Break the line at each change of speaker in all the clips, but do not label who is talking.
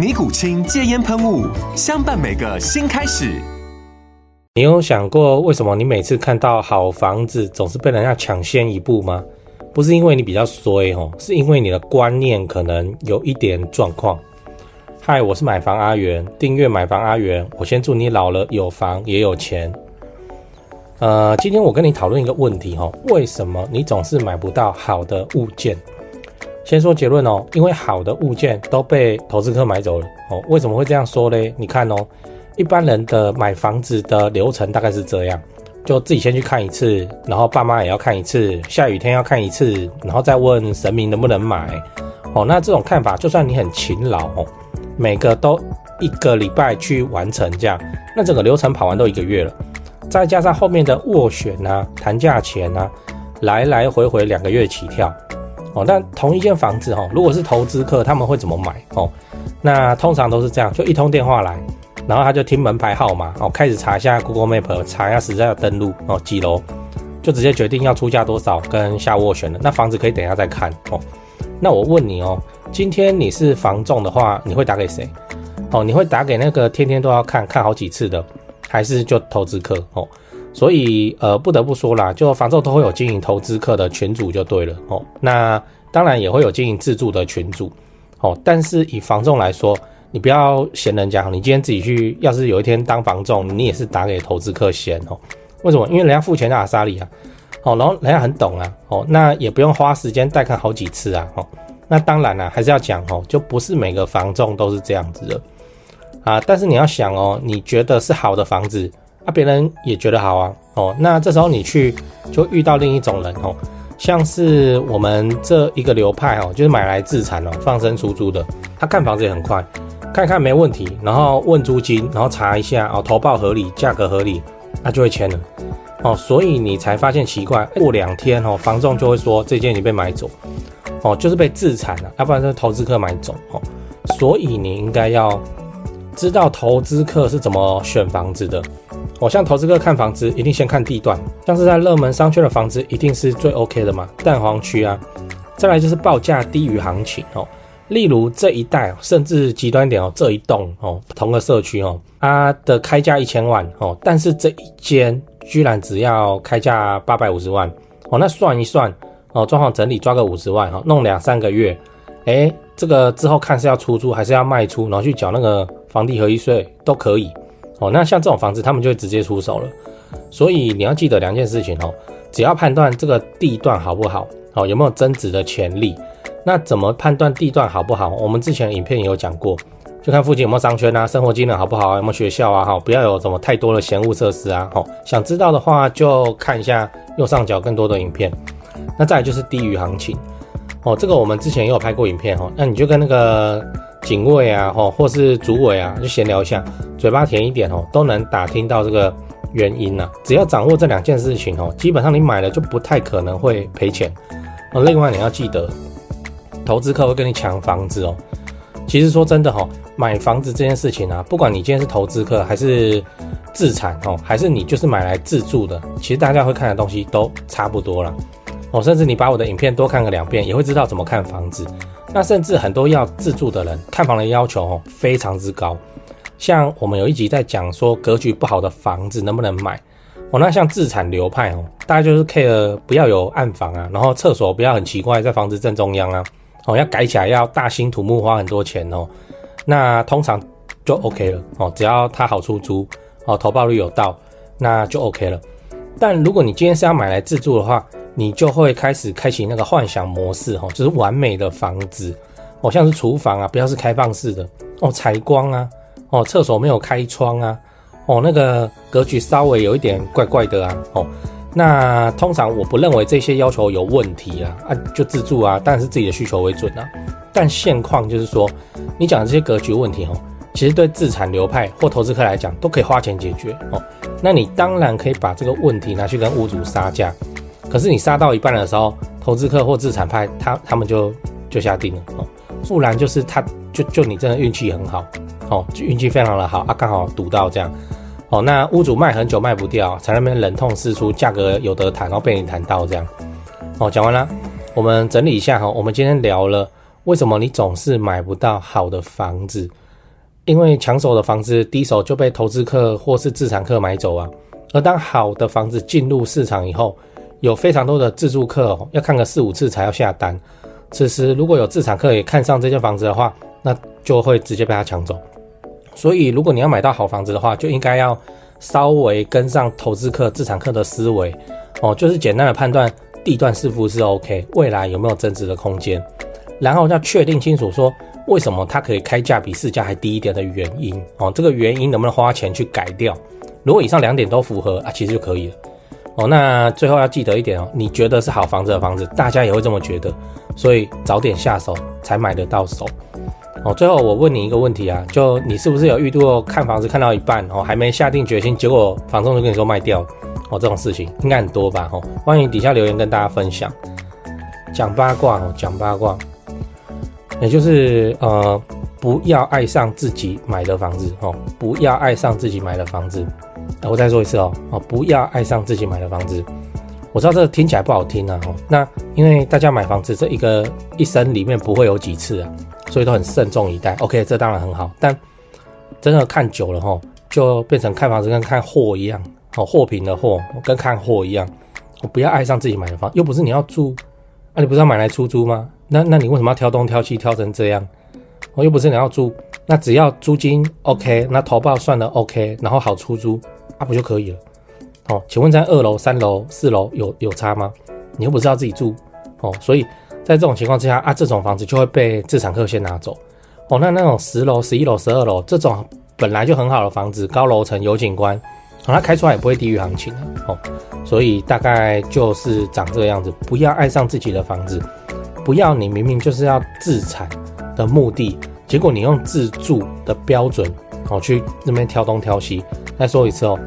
尼古清戒菸噴霧，相伴每個新開始。你有想過為什麼你每次看到好房子總是被人家搶先一步嗎？不是因為你比較衰哦，是因為你的觀念可能有一點狀況。嗨，我是買房阿元，訂閱買房阿元。我先祝你老了有房也有錢。呃，今天我跟你討論一個問題哦，為什麼你總是買不到好的物件？先說結論哦，因為好的物件都被投資客買走了哦。為什麼會這樣說嘞？你看哦，一般人的買房子的流程大概是這樣：就自己先去看一次，然後爸媽也要看一次，下雨天要看一次，然後再問神明能不能買哦。那這種看法，就算你很勤勞哦，每個都一個禮拜去完成這樣，那整個流程跑完都一個月了，再加上後面的斡旋啊、談價錢啊，來來回回兩個月起跳。哦，但同一間房子哈、哦，如果是投資客，他們會怎麼買哦？那通常都是這樣，就一通電話來，然後他就聽門牌號碼哦，開始查一下 Google Map 查一下實在的登錄哦幾樓，就直接決定要出價多少，跟下斡旋了。那房子可以等一下再看哦。那我問你哦，今天你是房中的話，你會打給誰？哦，你會打給那個天天都要看看好幾次的，還是就投資客哦？所以，呃，不得不說啦，就房仲都會有經營投資客的群組就對了哦。那當然也會有經營自住的群組哦。但是以房仲來說，你不要嫌人家，你今天自己去，要是有一天當房仲，你也是打給投資客先哦。為什麼？因為人家付錢阿莎力啊，哦，然後人家很懂啊，哦，那也不用花時間帶看好幾次啊，哦。那當然了，啊，還是要講哦，就不是每個房仲都是這樣子的啊。但是你要想哦，你覺得是好的房子。啊，別人也覺得好啊，哦，那這時候你去就遇到另一種人哦，像是我們這一個流派哦，就是買來自產哦，放生出租的。他、啊、看房子也很快，看看沒問題，然後問租金，然後查一下哦，投報合理，價格合理，那、啊、就會簽了哦。所以你才發現奇怪，過兩天哦，房仲就會說這間已經被買走哦，就是被自產了，要、啊、不然就是投資客買走哦。所以你應該要知道投資客是怎麼選房子的。我像投資客看房子，一定先看地段，像是在熱門商圈的房子，一定是最 OK 的嘛。蛋黃區啊，再來就是報價低於行情哦。例如這一帶甚至極端點哦，這一棟哦，同個社區哦，它、啊、的開價一千萬哦，但是這一間居然只要開價八百五十萬哦。那算一算哦，裝潢整理抓個五十萬哈，弄兩三個月，哎、欸，這個之後看是要出租還是要賣出，然後去繳那個房地合一稅都可以。哦，那像這種房子，他們就會直接出手了。所以你要記得兩件事情哦，只要判斷這個地段好不好，哦，有沒有增值的潛力。那怎麼判斷地段好不好？我們之前影片也有講過，就看附近有沒有商圈啊，生活機能好不好，有沒有學校啊，哈、哦，不要有什麼太多的嫌惡設施啊，好、哦。想知道的話，就看一下右上角更多的影片。那再來就是低於行情，哦，這個我們之前也有拍過影片哈、哦，那你就跟那個。警衛啊，吼，或是主委啊，就閒聊一下，嘴巴甜一點哦，都能打聽到這個原因呢、啊。只要掌握這兩件事情哦，基本上你買了就不太可能會賠錢。另外你要記得，投資客會跟你搶房子哦。其實說真的哈，買房子這件事情啊，不管你今天是投資客，還是自產哦，還是你就是買來自住的，其實大家會看的東西都差不多啦。哦，甚至你把我的影片多看個兩遍，也會知道怎麼看房子。那甚至很多要自住的人看房的要求哦，非常之高，像我們有一集在講說格局不好的房子能不能買哦，那像自產流派哦，大概就是 K 了，不要有暗房啊，然後廁所不要很奇怪在房子正中央啊，哦，要改起來要大興土木花很多錢哦，那通常就 OK 了哦，只要它好出租哦，投報率有到，那就 OK 了，但如果你今天是要買來自住的話。你就會開始開啟那個幻想模式，哦，就是完美的房子，哦，像是廚房啊，不要是開放式的哦，採光啊，哦，廁所沒有開窗啊，哦，那個格局稍微有一點怪怪的啊，哦，那通常我不認為這些要求有問題啊，啊，就自住啊，當然是自己的需求為準啊，但現況就是說，你講的這些格局問題，哦，其實對自產流派或投資客來講，都可以花錢解決，哦，那你當然可以把這個問題拿去跟屋主殺價。可是你殺到一半的時候，投資客或資產派他他們就就下定了哦，不然就是他就就你真的運氣很好哦，就運氣非常的好啊，剛好賭到這樣哦。那屋主賣很久賣不掉，才那邊忍痛釋出價格有得談，然後被你談到這樣哦。講完了，我們整理一下哈、哦，我們今天聊了為什麼你總是買不到好的房子，因為搶手的房子第一手就被投資客或是資產客買走啊，而當好的房子進入市場以後。有非常多的自住客哦，要看個四五次才要下單。此時如果有自住客也看上這間房子的話，那就會直接被他搶走。所以如果你要買到好房子的話，就應該要稍微跟上投資客、自住客的思維哦，就是簡單的判斷地段是否是 OK，未來有沒有增值的空間，然後要確定清楚說為什麼它可以開價比市價還低一點的原因哦，這個原因能不能花錢去改掉？如果以上兩點都符合啊，其實就可以了。哦，那最後要記得一點哦，你覺得是好房子的房子，大家也會這麼覺得，所以早點下手才買得到手。哦，最後我問你一個問題啊，就你是不是有遇過看房子看到一半，哦，還沒下定決心，結果房東就跟你說賣掉，哦，這種事情應該很多吧？哦，歡迎底下留言跟大家分享，講八卦哦，講八卦，也就是呃，不要愛上自己買的房子哦，不要愛上自己買的房子。我再說一次哦，喔，不要愛上自己買的房子。我知道這個聽起來不好聽啊，那因為大家買房子這一個一生裡面不會有幾次啊，所以都很慎重以待。OK，這當然很好，但真的看久了吼，就變成看房子跟看貨一樣，哦，貨品的貨，跟看貨一樣。我不要愛上自己買的房，又不是你要住，啊，那你不是要買來出租嗎？那那你為什麼要挑東挑西挑成這樣？我又不是你要住，那只要租金 OK，那投報算了 OK，然後好出租。啊，不就可以了？哦，請問在二樓、三樓、四樓有有差嗎？你又不知道自己住，哦，所以在這種情況之下，啊，這種房子就會被置產客先拿走，哦，那那種十樓、十一樓、十二樓這種本來就很好的房子，高樓層有景觀，好，哦，它開出來也不會低於行情的，哦，所以大概就是長這個樣子，不要愛上自己的房子，不要你明明就是要置產的目的，結果你用自住的標準。哦，去那邊挑東挑西。再說一次哦，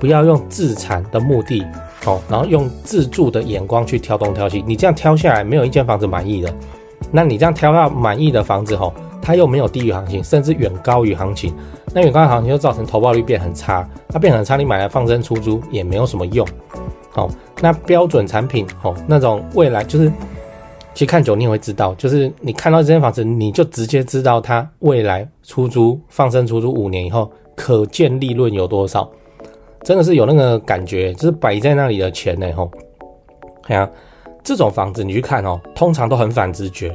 不要用自產的目的，哦，然後用自住的眼光去挑東挑西。你這樣挑下來沒有一間房子滿意的，那你這樣挑到滿意的房子，吼、哦，它又沒有低於行情，甚至遠高於行情，那遠高於行情就造成投報率變很差，它變很差，你買來放生出租也沒有什麼用。好、哦，那標準產品，吼、哦，那種未來就是。其實看久你也會知道，就是你看到這間房子，你就直接知道它未來出租、放生出租五年以後可見利潤有多少，真的是有那個感覺，就是擺在那裡的錢呢吼。哎、啊、這種房子你去看哦、喔，通常都很反直覺，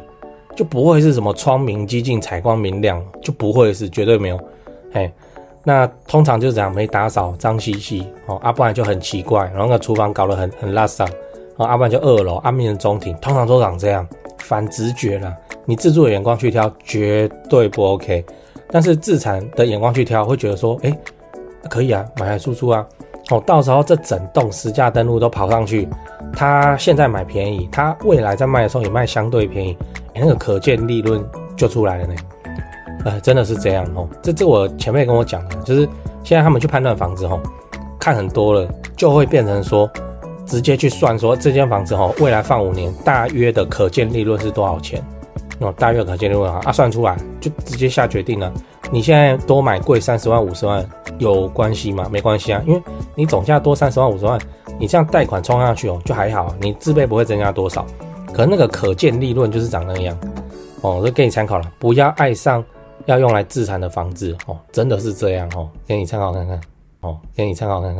就不會是什麼窗明幾淨、採光明亮，就不會是絕對沒有。嘿，那通常就這樣沒打掃，髒兮兮哦，阿、啊、不然就很奇怪，然後那個廚房搞得很很垃圾。哦，要不然就二樓，阿明的中庭，通常都長這樣，反直覺了。你自住的眼光去挑，絕對不 OK。但是自產的眼光去挑，會覺得說，哎、欸，可以啊，買來出租啊。哦、喔，到時候這整棟實價登錄都跑上去，他現在買便宜，他未來在賣的時候也賣相對便宜，欸、那個可見利潤就出來了呢。呃，真的是這樣哦、喔。這這我前輩跟我講的，就是現在他們去判斷房子吼、喔，看很多了，就會變成說。直接去算說這間房子哦，未來放五年大約的可見利潤是多少錢？哦，大約可見利潤啊，啊算出來就直接下決定了。你現在多買貴三十萬五十萬有關係嗎？沒關係啊，因為你總價多三十萬五十萬，你這樣貸款衝下去哦，就還好，你自備不會增加多少，可那個可見利潤就是長那樣哦，我就給你參考了。不要愛上要用來置產的房子哦，真的是這樣哦，給你參考看看哦，給你參考看看。